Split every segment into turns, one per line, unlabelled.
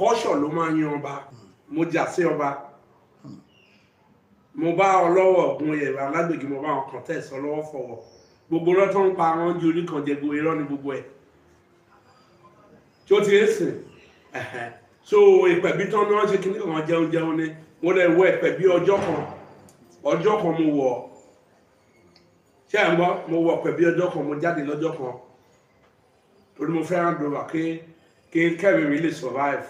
kọ́ṣọ̀ ló máa yan ọba hmm. mo jà sí ọba hmm. mo bá ọlọ́wọ̀ gun yẹ̀rọ alágbègbè mo bá wọn tẹ̀ sọ lọ́wọ́ fọwọ́ gbogbo rẹ tó ń pa àwọn oúnjẹ orí kan jẹgbo irọ́ ni gbogbo ẹ̀ tí ó ti ń sìn so ìpẹ̀bí tán ni wọ́n ṣe kíní kan jẹun jẹun ni mo lè wọ ìpẹ̀bí ọjọ́ kan ọjọ́ kan mo wọ̀ ṣé ẹ̀ ń gbọ́ mo wọ ìpẹ̀bí ọjọ́ kan mo jáde lọ́jọ́ kan torí mo fẹ́ràn dùn wá kí kí kẹ́mi mi lè survive.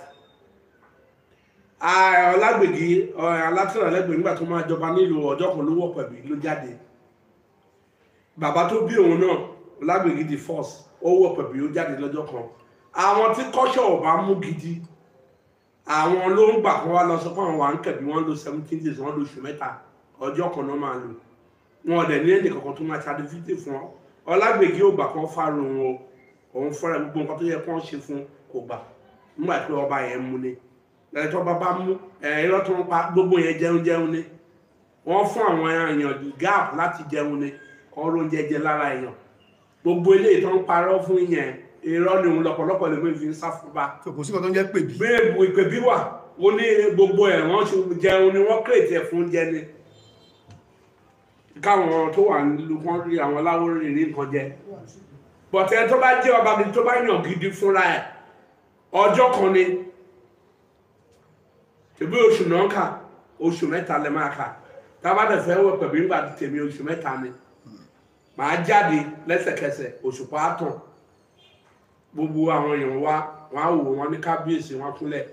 Ọlágbèjì eh, alátìrà lẹ́gbẹ̀ẹ́ nígbà tó máa jọba nílùú ọjọ́ kan ló wọ̀ pẹ̀lú ló jáde bàbá tó bí òun náà Ọlágbèjì the first ó wọ̀ pẹ̀lú ló jáde lọ́jọ́ kan àwọn tí kọ́ṣọ̀ ọba mú gidi àwọn ló ń gbà kan wá lọ sọ pé àwọn wà ń kẹ̀bí wọn lo seventeen days wọn lo oṣù mẹ́ta ọjọ́ kan náà máa lò wọn ọ̀dẹ̀ ní èdè kankan tó máa ṣàdífítì fún ọ Ọlágbèjì ò gbà kan fárò wọn o òun fọ́ra gbogbo nǹkan tó yẹ kó ń ṣe fún kò gbà nígbà tí ọba yẹn mú ni ẹ̀tọ́ bàbá mú irọ́ tó ń pa gbogbo yẹn jẹun jẹun ni wọ́n fún àwọn èèyàn di gap láti jẹun ni ọrùn jẹjẹ lára èèyàn gbogbo eléyìí tó ń parọ́ fún yẹn irọ́ ni òun lọ́pọ̀lọpọ̀ lè fi ń sáfúnba. kò sí kan tó ń jẹ́ pèbí. bẹ́ẹ̀ ìpèbí wà ó ní gbogbo ẹ̀ wọ́n ti jẹun ni wọ́n kírètì ẹ̀ fún jẹ ni káwọn tó wà nílùú kan rí àwọn aláwọ̀ rí nǹkan jẹ bọ̀tẹ́ tó bá jẹ́ ọba mi tó bá yàn gidi fúnra ẹ̀ ọjọ́ kan ni ebi oṣù náà kà oṣù mẹ́ta lè máa kà tábà dẹ̀ fẹ́ wọ pẹ̀lú nígbà tèmi oṣù mẹ́ta ni màá jáde lẹ́sẹ̀kẹsẹ̀ oṣù pàtàn gbogbo àwọn èèyàn wa wọn á wò wọn ní kábíyèsí wọn kúnlẹ̀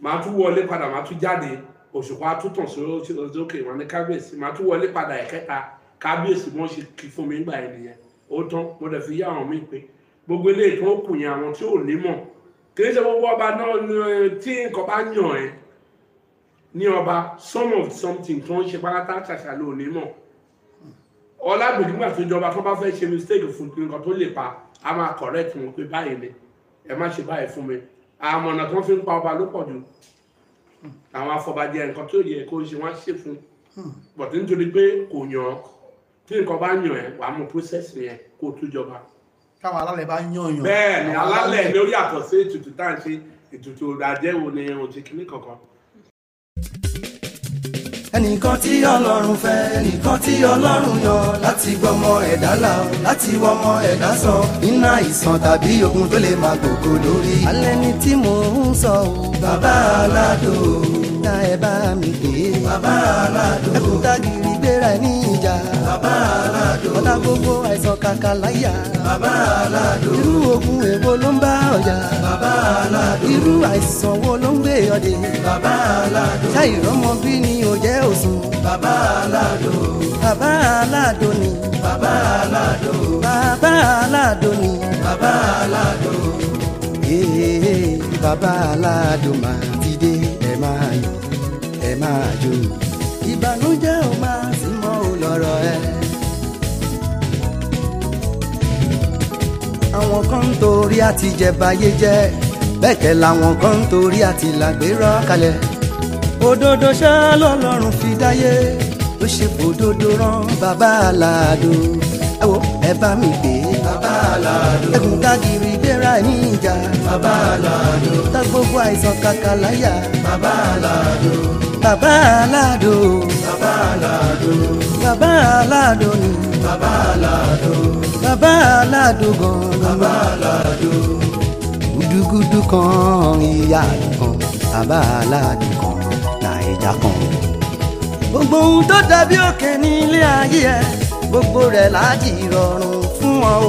màá tún wọlé padà màá tún jáde oṣù pàtó tàn sókè wọn ní kábíyèsí màá tún wọlé padà ẹ̀kẹta kábíyèsí wọn ṣe kí fún mi nígbà yẹn nìyẹn ó tán mo dẹ̀ fi yá àwọn míì pé gbogbo eléyìí tó kù yẹn àwọn tí ò ní mọ̀ kì í ṣe gbogbo ọba náà tí nǹkan bá yàn ẹ́ ní ọba some of something tó ń ṣe pátá ṣàṣà ló ní mọ̀ ọlágbèdè nígbà tó jọba tó bá fẹ́ ṣe mistake fún nǹkan tó lè pa a máa correct wọn pé báyìí ni ẹ má ṣe báyìí fún mi àmọ̀nà tó fi ń pa ọba ló pọ̀ jù àwọn afọbajẹ nǹkan tó yẹ kó ṣe wọ́n ṣe fún but nítorí pé kò yàn ọ́ tí nǹkan bá yàn ẹ́ wàá mú process yẹn kó o tó jọba. káwọn alálẹ̀ bá yàn yàn. bẹ́ẹ̀ ni alálẹ̀ ni ó yàtọ̀ sí ètùtù tá à ń ṣe ètùtù àjẹwò ni òtí ẹnìkan tí ọlọ́run fẹ́ ẹnìkan
tí ọlọ́run yọ láti gbọmọ ẹ̀dá là ó láti wọmọ ẹ̀dá sọ iná ìsàn tàbí ogun tó lè máa gbòkó lórí. alẹ́ ni tí mò ń sọ o. bàbá aládò. ta ẹ bá mi pè é. bàbá aládò. ẹkún tá gírí ẹ̀ ní ìjà. Bàbá Aládò. Ọ̀tá gbogbo àìsàn kàkà láyà. Bàbá Aládò. Irú ogun èwo ló ń bá ọ̀yà? Bàbá Aládò. Irú àìsàn wo ló ń gbé ọdẹ? Bàbá Aládò. Ṣé ìrọ́mọ bí ni ò jẹ́ òsùn? Bàbá Aládò. Bàbá Aládò ni. Bàbá Aládò. Bàbá Aládò ni. Bàbá Aládò. Ee, Bàbá Aládò máa ti dé ẹ̀ máa yọ̀ ẹ̀ máa jó. Ìbànújẹ́. torí àti jẹ̀báyé jẹ́ bẹ́ẹ̀kẹ́ làwọn kan ń torí àti làgbérọ́ kalẹ̀ òdodo ṣá lọ́lọ́run fi dáyé ló ṣe fòdodo rán bàbá aláàdó ẹ wo ẹ bá mi gbé bàbá aláàdó ẹkùn kágiri gbéra ní ìjà bàbá aláàdó tá gbogbo àìsàn kàkà láyà bàbá aláàdó bàbá aládò. bàbá aládò. bàbá aládò ni. bàbá aládò. bàbá aládò gan. bàbá aládò. gudugudu kan ìyá kan bàbá aládò kan làìjà kan. gbogbo ohun tó dàbí òkè ní ilé ayé ẹ gbogbo rẹ̀ láti rọrùn fún ọ o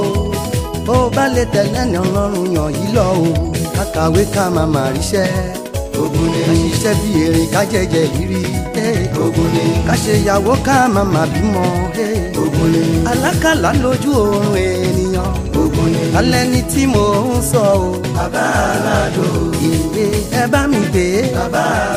bó bá lè tẹ̀lé ní ọlọ́run yàn yí lọ o kàkàwé ká máa máa ríṣẹ́ ogun ni ká ṣiṣẹ́ bí èrè ká jẹjẹ ìrì eh. ogun ni ká ṣe ìyàwó ká màmá bímọ eh. ogun ni alákàlà lójú oorun ènìyàn ogun alẹ́ ní tí mò ń sọ o bàbá aládùn ìwé ẹ bá mi gbé bàbá aládùn.